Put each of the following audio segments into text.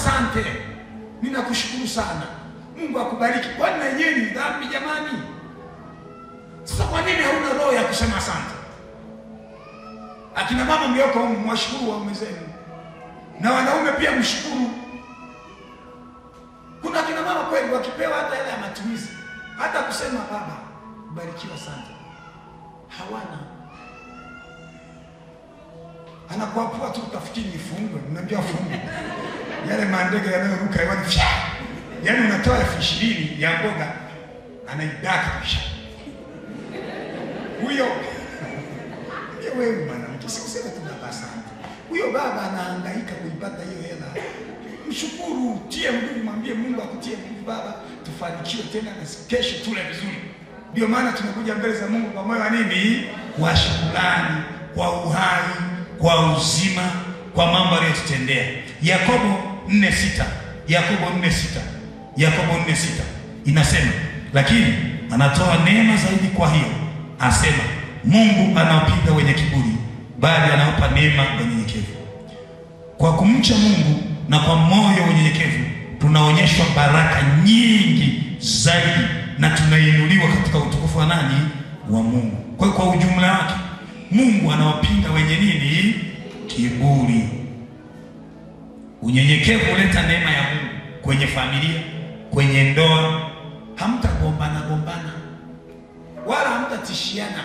asante, ninakushukuru sana, Mungu akubariki. Kwani na yenyewe ni dhambi jamani? Sasa kwa nini hauna roho ya kusema asante? Akina mama mlioko humu mwashukuru waume zenu, na wanaume pia mshukuru. Kuna akina mama kweli wakipewa hata hela ya matumizi, hata kusema baba, barikiwa, asante, hawana anakuapua tu, utafikiri nifungwe. Unajua fungu yale mandege yanayoruka hewani, yaani unatoa elfu ishirini ya mboga anaidaka kisha huyo wewe mwanamke, sikusema tunabasamu. Huyo baba anahangaika kuipata hiyo hela, mshukuru, tie nguvu, mwambie Mungu akutie nguvu baba, tufanikiwe tena na kesho tule vizuri. Ndio maana tunakuja mbele za Mungu kwa moyo wa nini? Wa shukrani, kwa uhai kwa uzima, kwa mambo aliyotutendea. Yakobo 4:6, Yakobo 4:6, Yakobo 4:6 inasema, lakini anatoa neema zaidi. Kwa hiyo asema, Mungu anawapiga wenye kiburi, bali anawapa neema wanyenyekevu. Kwa kumcha Mungu na kwa moyo unyenyekevu tunaonyeshwa baraka nyingi zaidi na tunainuliwa katika utukufu wa nani? Wa Mungu. Kwa hiyo kwa ujumla wake Mungu anawapinga wenye nini? Kiburi. Unyenyekevu huleta neema ya Mungu kwenye familia, kwenye ndoa. Hamtagombana gombana wala hamtatishiana.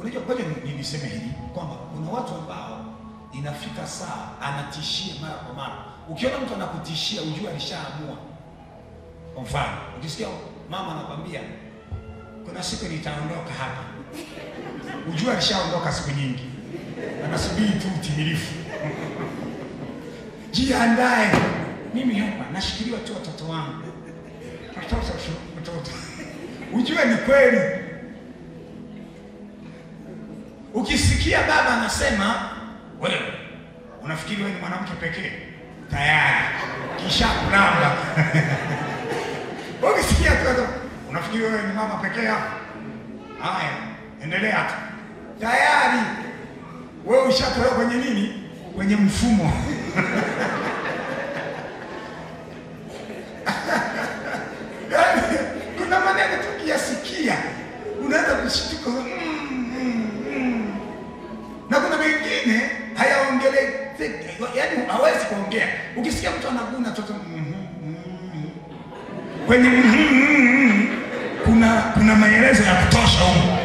Unajua, ngoja niseme hili kwamba kuna watu ambao inafika saa anatishia mara kwa mara. Ukiona mtu anakutishia ujue alishaamua. Kwa mfano, ukisikia mama anakwambia kuna siku nitaondoka hapa ujue alishaondoka siku nyingi, anasubiri tu utimilifu. Jiandae. Mimi hapa nashikiliwa tu watoto wangu, watoto watoto, ujue ni kweli. Ukisikia baba anasema wewe unafikiri wewe ni mwanamke pekee, tayari kisha kulamba ukisikia tu unafikiri wewe ni mama pekee. Haya, endelea tu tayari wewe ushatolewa kwenye nini, kwenye mfumo yaani, kuna maneno tukiyasikia unaweza kushituka mm, mm, mm. na kuna mengine hayaongelei, yaani hawezi kuongea. Ukisikia mtu anaguna toto mm, mm, mm. kwenye mm, mm, mm, mm. kuna kuna maelezo ya kutosha huko